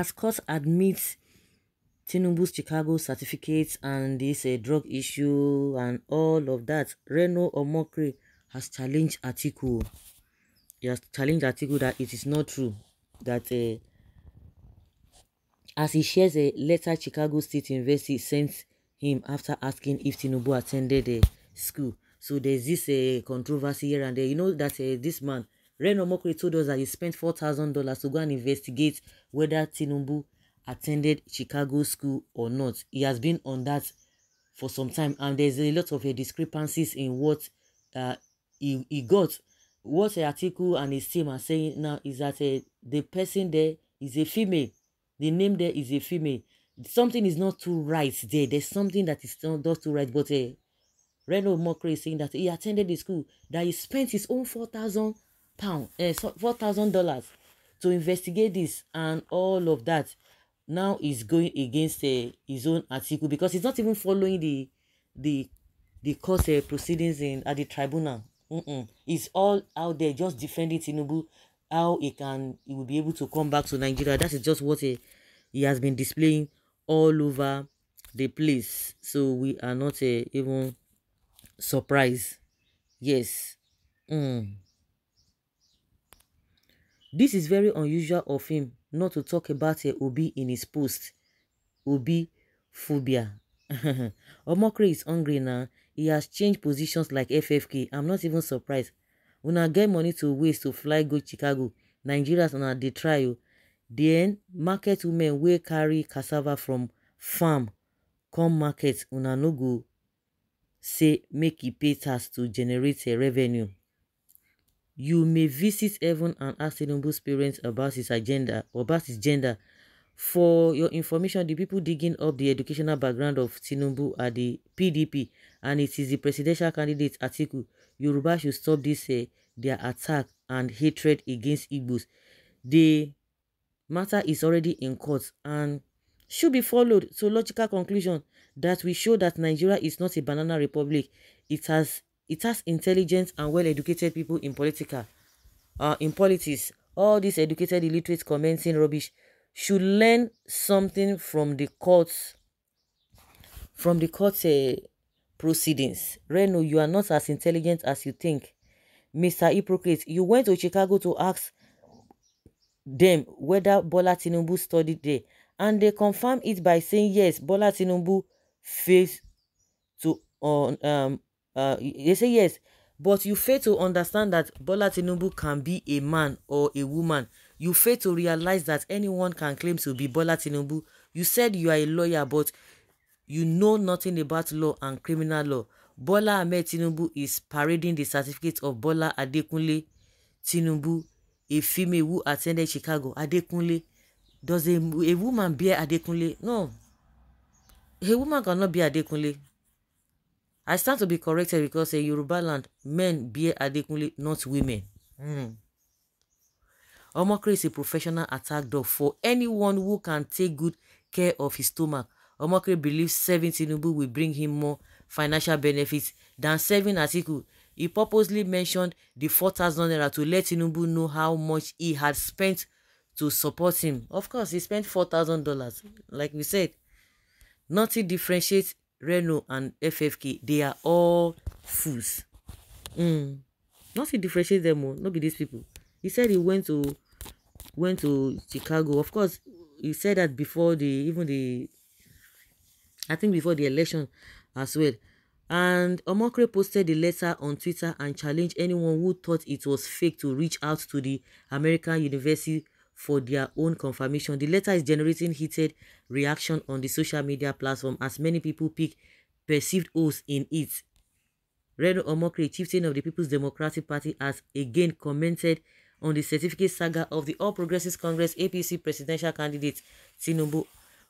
As court admits Tinubu's Chicago certificates and this uh, drug issue and all of that, Reno Omokri has challenged Atiku. He has challenged Atiku that it is not true that uh, as he shares a letter Chicago State University sent him after asking if Tinubu attended the uh, school. So there's this uh, controversy here and there. You know that uh, this man Ren Omokri told us that he spent four thousand dollars to go and investigate whether Tinubu attended Chicago school or not. He has been on that for some time, and there's a lot of uh, discrepancies in what uh, he, he got. What the uh, article and his team are saying now is that uh, the person there is a female. The name there is a female. Something is not too right there. There's something that is not, not too right, but uh, Reno Mokre is saying that he attended the school, that he spent his own four thousand. pound uh, four thousand dollars to investigate this and all of that now he's going against uh, his own article because he's not even following the the the court uh, eh, proceedings in at the tribunal mm -mm. he's all out there just defending tinubu how he can he will be able to come back to nigeria that is just what uh, he has been displaying all over the place so we are not uh, even surprised yes mm. This is very unusual of him not to talk about uh, Obi in his post. Obi phobia. Omokri is hungry now. He has changed positions like FFK. I'm not even surprised. Una get money to waste to fly go Chicago. Nigerians una a try o. Then market women wey carry cassava from farm come market una no go say make e pay tax to generate a revenue. You may visit Evan and ask Tinubu's parents about his agenda or about his gender. For your information, the people digging up the educational background of Tinubu are the PDP and it is the presidential candidate Atiku. Yoruba should stop this uh, their attack and hatred against Igbos. The matter is already in court and should be followed to so logical conclusion that we show that Nigeria is not a banana republic. It has it has intelligent and well-educated people in political, uh, in politics. All these educated illiterates commenting rubbish should learn something from the courts, from the court uh, eh, proceedings. Reno, you are not as intelligent as you think. Mr. Hypocrite, you went to Chicago to ask them whether Bola Tinubu studied there, and they confirmed it by saying yes, Bola Tinubu failed to on um uh, they say yes, but you fail to understand that Bola Tinubu can be a man or a woman. You fail to realize that anyone can claim to be Bola Tinubu. You said you are a lawyer, but you know nothing about law and criminal law. Bola Ahmed Tinubu is parading the certificate of Bola Adekunle Tinubu, a female who attended Chicago. Adekunle, does a, a woman bear Adekunle? No. A woman cannot be Adekunle. I stand to be corrected because in eh, Yoruba land, men bear adequately, not women. Mm. Omokri is a professional attack dog for anyone who can take good care of his stomach. Omokri believes serving Tinubu will bring him more financial benefits than serving Atiku. He purposely mentioned the 4,000 naira to let Tinubu know how much he had spent to support him. Of course, he spent $4,000, like we said. Nothing differentiates Renault and FFK, they are all fools. Mm. Nothing differentiates them, all. Oh. not be these people. He said he went to went to Chicago. Of course, he said that before the even the I think before the election as well. And Omokre posted the letter on Twitter and challenged anyone who thought it was fake to reach out to the American University for their own confirmation. The letter is generating heated reaction on the social media platform as many people pick perceived oaths in it. Reno Omokri, chieftain of the People's Democratic Party, has again commented on the certificate saga of the All Progressives Congress APC presidential candidate Tinubu.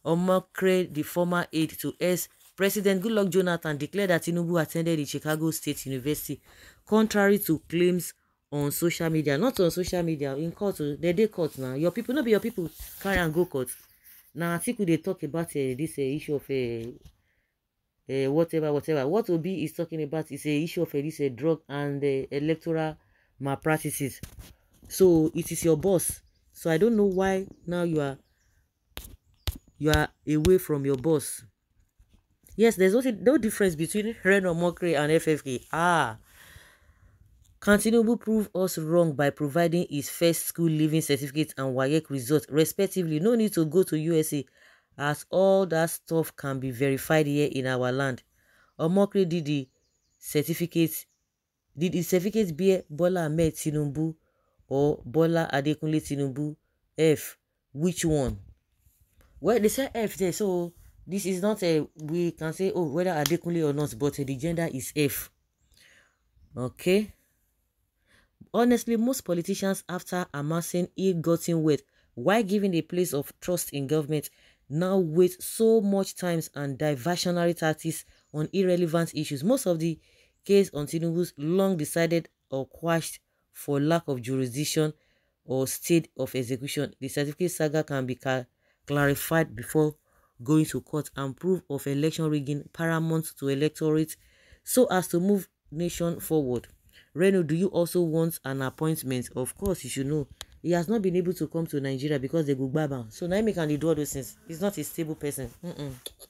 Omokre, the former aide to S. President Goodluck Jonathan declared that Tinubu attended the Chicago State University, contrary to claims on social media not on social media in court dem dey court na your people no be your people carry am go court na article dey talk about uh, this uh, issue of uh, uh, whatever whatever what obi is talking about is a issue of uh, this uh, drug and uh, electoral malpractices so it is your boss so i don't know why now you are you are away from your boss yes there's no, no difference between Reno Mokri and FFK ah Kantinubu proved us wrong by providing his first school leaving certificate and WAEC results respectively. No need to go to USA as all that stuff can be verified here in our land. Omokri did the certificate did the certificate be? Bola Ahmed Tinubu or Bola Adekunle Tinubu F? Which one? Well, they said F there, so this is not a we can say oh whether Adekunle or not, but the gender is F. Okay. Honestly, most politicians after amassing ill-gotten wealth, why giving a place of trust in government, now waste so much time and diversionary tactics on irrelevant issues. Most of the case on Tinubu's long decided or quashed for lack of jurisdiction or state of execution. The certificate saga can be clarified before going to court and proof of election rigging paramount to electorate so as to move nation forward. Reno, do you also want an appointment? Of course, you should know. He has not been able to come to Nigeria because they go baba. So Naimi can do all those things. He's not a stable person. Mm -mm.